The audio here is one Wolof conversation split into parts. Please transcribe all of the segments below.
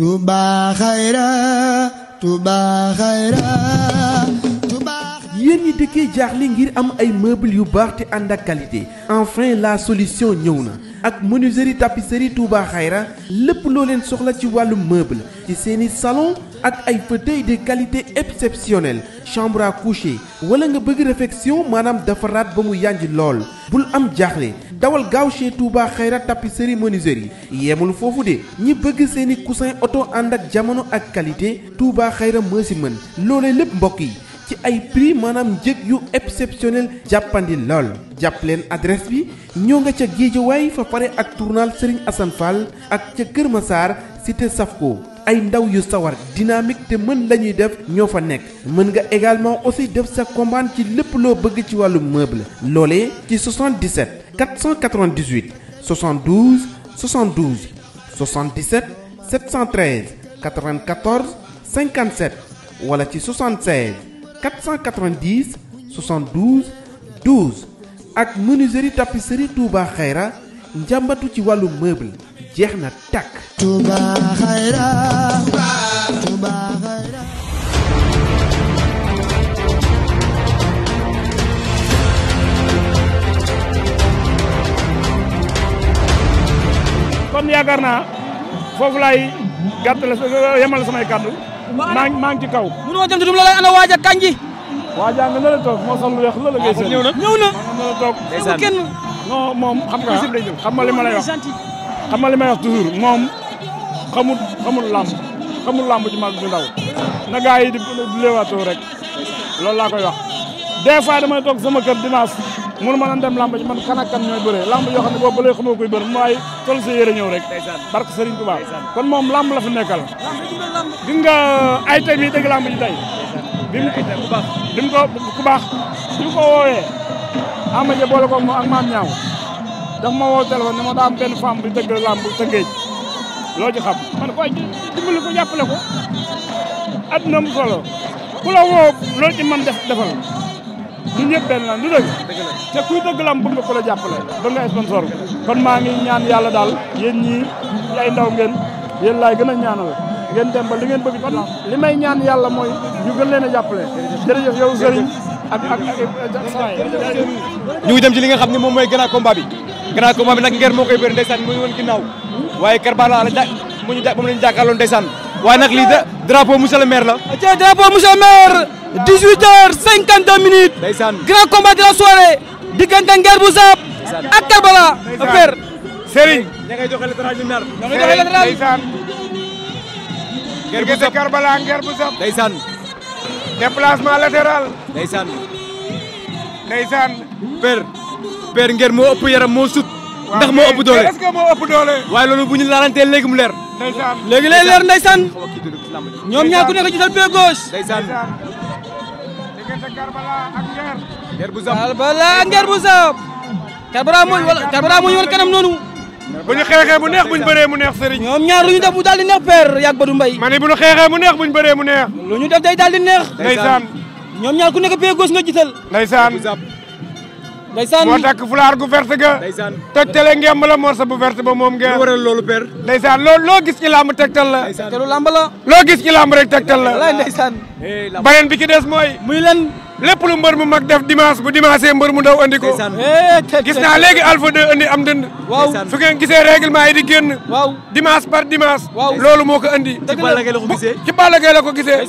Touba Khayra Touba Khayra yéen ñi dëkkee jaaxle ngir am ay meubles yu baax te ànd ak qualité enfin la solution ñëw na ak menuiserie tapisserie Touba Xayra lépp loo leen soxla ci wàllu meuble ci seeni salon ak ay fauteuil de qualité exceptionnelle chambre à coucher wala nga bëgg réfection maanaam defaraat ba mu yànj lool bul am jaaxle dawal gaaw chez Touba Xayra tapisserie menuiserie yemul foofu de ñi bëgg seeni coussin oto ànd ak jamono ak qualité Touba Xayra moo si mën loolee lépp mbokk yi ci ay prix maanaam njëg yu exceptionnel jàppandi lool jàpp leen adresse bi ñoo nga ca Géejawaay fa pare ak tournal Serigne Assane Fall ak ca Kër Massar cité Safko ay ndaw yu sawar dynamique te mën la ñuy def ñoo fa nekk mën nga également aussi def sa commande ci lépp loo bëgg ci wàllu meuble loole ci 77 498 72 72 77 713 94 57 wala ci 76 490 72 12 ak menuiserie tapisserie njàmbatu ci wàllu meuble jeex na tàkk. Touba Xayra kon yaakaar naa foofu laay gàttale yemal samay kàddu. maa ngi maa ngi ci kaw. munoo jëm ci dum la lay ana waaja kanji. waaja nga na la toog moo sol lu weex la la ngay seen. Ah, ñëw na ñëw na na la toog. kenn non moom xam nga xam ma li ma lay wax. xam nga li may wax toujours moom xamul xamul làmb xamul làmb ci mag bu ndaw. na gaa yi di di leewaatoo rek loolu laa koy wax des fois damay toog sama kër dinaa mënu ma naan dem lamb ji man kan ak kan ñooy bëree lamb yoo xam ne boobu ba léegi xamoo koy bëri mooy sol sa yére ñëw rek barke Serigne Touba kon moom lamb la fi nekkal gis nga ay tay bi dégg lamb ji tey bi mu bi mu ko ku baax bi mu ko woowee Ama Dia boole ko moom ak maam ñaaw ma woo téléphone ne ma daa am benn femme bi dëgg lamb tëngeej loo ci xam man ko dimbali ko jàppale ko adduna mu solo ku la woo loolu ci man def defal ñun ñëpp benn lan du dëgg te kuy dëgg lam bëgg ko la jàppale ba nga sponsor kon maa ngi ñaan yàlla daal yéen ñii ay ndaw ngeen yéen laay gën a ñaanal ngeen dem ba li ngeen bëgg kon li may ñaan yàlla mooy ñu gën leen a jàppale jërëjëf yow sëriñ ak ak ñu ngi dem ci li nga xam ne moom mooy grand combat bi grand combat bi nag ngeer moo koy bëri ndeysaan mu ngi woon ginnaaw waaye Karbala la ja mu ñu moom la ñu jàkkaarloon ndeysaan waaye nag lii da drapeau monsieur le maire la. ok drapeau monsieur le maire 18h52 minutes. ndeysaan grand combat de la soirée. diggante bu Zapp. ak Karbala. affaire Serigne. da ngay joxe per per Nguer moo ëpp yaram moo sut. ndax moo ëpp doole est-ce que moo ëpp doole waaye loolu bu ñu laalantee léegi mu leer léegi lay leer ndeysaan ñoom ñaar ku nekk jiital pied gauche ndeysaan diggante Karbala ak Ngeer Ngeer bu Zam Karbala ak Ngeer bu Zam Karbala mooy wala Karbala mooy woon kanam noonu bu ñu xeexee mu neex bu ñu bëree mu neex Serigne ñoom ñaar lu ñu def mu daal di neex père yàgg Badou ma bu ñu xeexee mu neex bu ñu mu neex lu ñu def day daal di neex ndeysaan ñoom ñaar ku nekk pied gauche nga jiital ndeysaan ndeysaan moo takk fulaar gu verte ga ndeysaan tegtale ngemb bu verte ba moom ngeen waral loolu père ndeysaan loo gis ci làmb la te lu làmb la loo gis ci làmb rek tegtal la wallaay ndeysaan bi ci des mooy muy lan lépp lu mbër mu mag def dimanche bu dimanche mbër mu ndaw andi ko gis naa léegi alpha deux andi am dënd waaw su ngeen gisee règlement yi di génn waaw dimanche par dimanche loolu moo ko andi ci Balla Gaye la ko gisee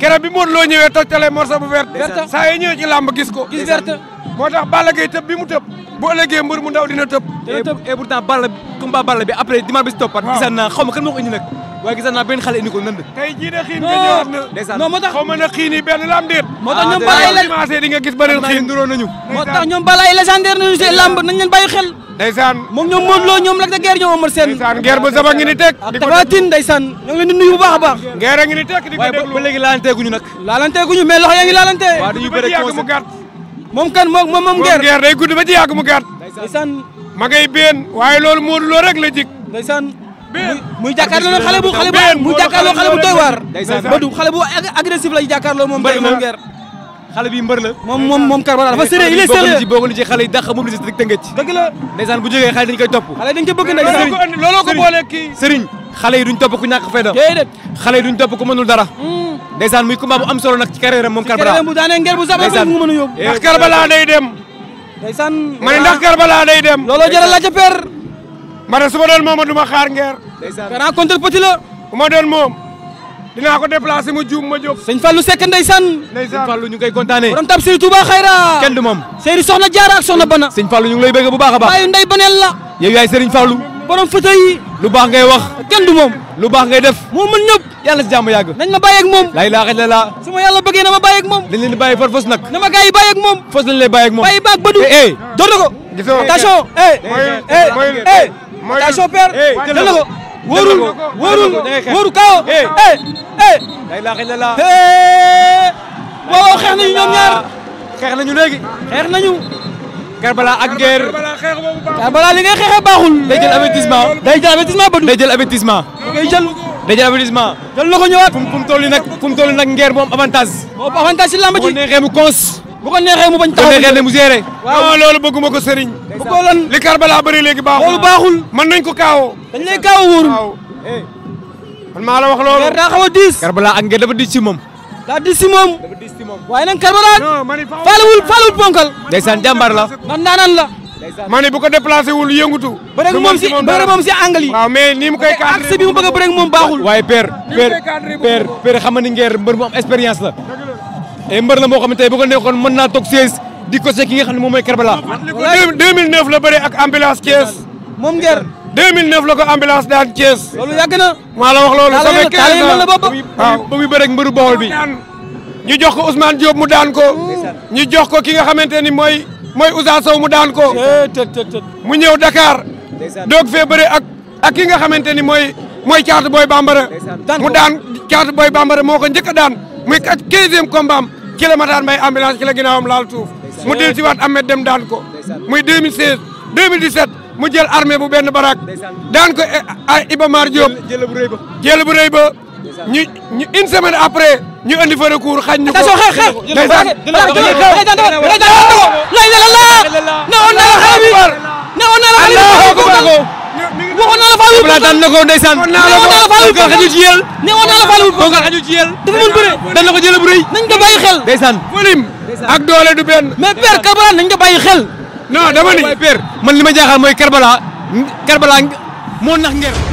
keroog bi Modou Lo ñëwee tegtale morceau bu verte saa yi ñëwee ci gis ko gis moo tax bala Gaye tëb bi mu tëb bu ëllëgee mbër mu ndaw dina tëb et pourtant Balla combat Balla bi après dimanche bi si toppat gisaan naa xaw ma kan moo ko indi nag waaye gisaan naa benn xale indi ko nënd tey moo tax xaw na xiin yi benn lam déet ah, moo tax ñoom Balla yi dimanche di nga gis beneen xiin lamb nañ leen bàyyi xel ndeysaan ñoom Modou ñoom Lac de Guiers ñoom Omar Sène ndeysaan guerre saba ngi ni teg Tapha Tine ndeysaan ñoo leen di nuyu bu baax a baax guerre a ngi ni teg di ko déglu moom kan moom moom moom geer geer day gudd ba ci yàgg mu been waaye loolu Modou Lo rek la jik ndeysaan muy jàkkaarloo xale bu xale bu muy jàkkaarloo xale bu doy bu agressif la jàkkaarloo moom tey moom geer xale bi mbër la moom moom moom Karbala dafa sérieux il est sérieux bokkul ci xale yi dàq mobilisé dëgg la bu jógee xale dañ koy topp xale dañ koy bëgg nag looloo ko boolee xale yi duñ topp ku ñàkk fayda xale yi duñ topp ku mënul dara hmm. ndeysaan muy combat bu am solo na ci carrière am moom Karbala bu daanee ngeen bu sabe bu mu mën a yóbbu eh, ndax dem ndeysaan ma ne ndax Karbala day dem looloo jëral la ca per ma ne su ma doon moom du ma xaar ngeer grand contre petit la bu ma doon moom dinaa ko déplacé mu juum ma jóg sëñ Fallou Seck ndeysaan sëñ Fallou ñu ngi koy kontaane borom tab Serigne Touba xayra kenn du moom Serigne soxna Jaara ak soxna Bana sëñ Fallou ñu ngi lay bu baax a baax waaye ndey baneel la yow yaay Serigne Fallou borom fëtë yi lu baax ngay wax kenn du moom lu baax ngay def moo mën ñëpp yàlla si jàmm yàgg nañ ma bàyyi ak moom laa ilaaha illallaah su ma yàlla bëggee na ma bàyyi ak moom dañ leen di bàyyi far fos nag na ma gars yi bàyyi ak moom fos lañ lay bàyyi ak moom bàyyi baag badu eh door eh. na ko attention eh, eh, eh attention na ko wóorul wóorul wóorul kawo eh eh laa ilaaha illallaah waaw xeex nañu ñoom ñaar xeex nañu léegi Karbala ak guerre Karbala li ngay xeexee baaxul. day jël avertissement day jël avertissement ba. day jël avertissement. day jël day jël avertissement. jël na ko ñëwaat. fu mu fu mu toll nii nag fu mu toll nii nag moom avantage. moom avantage si lamba ji bu ko neexee mu cons. bu ko neexee mu bañ taxaw bu ko neexee ne mu géré. waaw non loolu bëgguma ko sëriñ. bu ko lan li Karbala bëri léegi baaxul. loolu baaxul mën nañ ko kaawoo. dañ lay kaawoo wóorul. Eh. man maa la wax loolu. guerre daa xaw a diis. Karbala ak guerre dafa ci moom daa dis si moom waaye nag Karbala faalewul faalewul ponkal ndeysaan jàmbaar la man naanaan la ma ne bu ko déplacé wul yëngutu bëre moom si bëre moom si mais ni mu koy cadré accès bi mu bëgg a bëre baaxul waaye père père père xam ni ngeer mbër mu am la et mbër la moo xam ne tey bu ko nekkoon mën naa toog siège di ko ki nga xam ne moom mooy Karbala 2009 la bëre ak ambulance Thiès moom ngeer 2009 la ko ambulance daan Thiès. loolu yàgg la wax loolu. samay 15 ans waaw ba muy bëreeg mbëru bool bi. ñu jox ko Ousmane Diop mu daan ko. ñu jox ko ki nga xamante ni mooy mooy Ousa Sow mu daan ko. mu ñëw Dakar. doog fee bëre a ak ki nga xamante ni mooy mooy caatu booy bambara. mu daan caatu booy bambara moo ko njëkk a daan muy 15e combat am ci la mataan may ambulance ci la ginnaawam laal tuuf. dem daan ko. muy 2016 2017. mu jël armée bu benn barak daan ko ay Iba Mar Diop jël bu rëy ba jël bu ba ñu ñu une semaine après ñu andi fa recours xañ ñu ko attention xeex xeex ndeysaan waxoon naa la Fallou Boubacar daan na ko ndeysaan waxoon naa la Fallou Boubacar xaju ci yéel ne waxoon naa la Fallou Boubacar xaju ci yéel dafa mën bëre daan na ko jël bu rëy nañ ko bàyyi xel ndeysaan volume ak doole du benn mais père Cabral nañ ko bàyyi xel non dama ni man li ma jaaxal mooy Karbala Karbala nax ngeen.